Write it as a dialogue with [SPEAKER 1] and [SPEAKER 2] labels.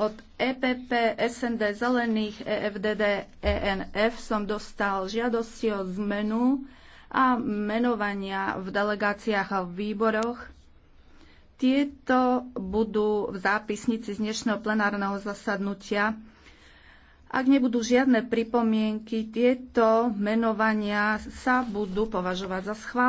[SPEAKER 1] Od EPP, SND, Zelených, EFDD, ENF som dostal žiadosti o zmenu a menovania v delegáciách a v výboroch. Tieto budú v zápisnici z dnešného plenárneho zasadnutia. Ak nebudú žiadne pripomienky, tieto menovania sa budú považovať za schválené.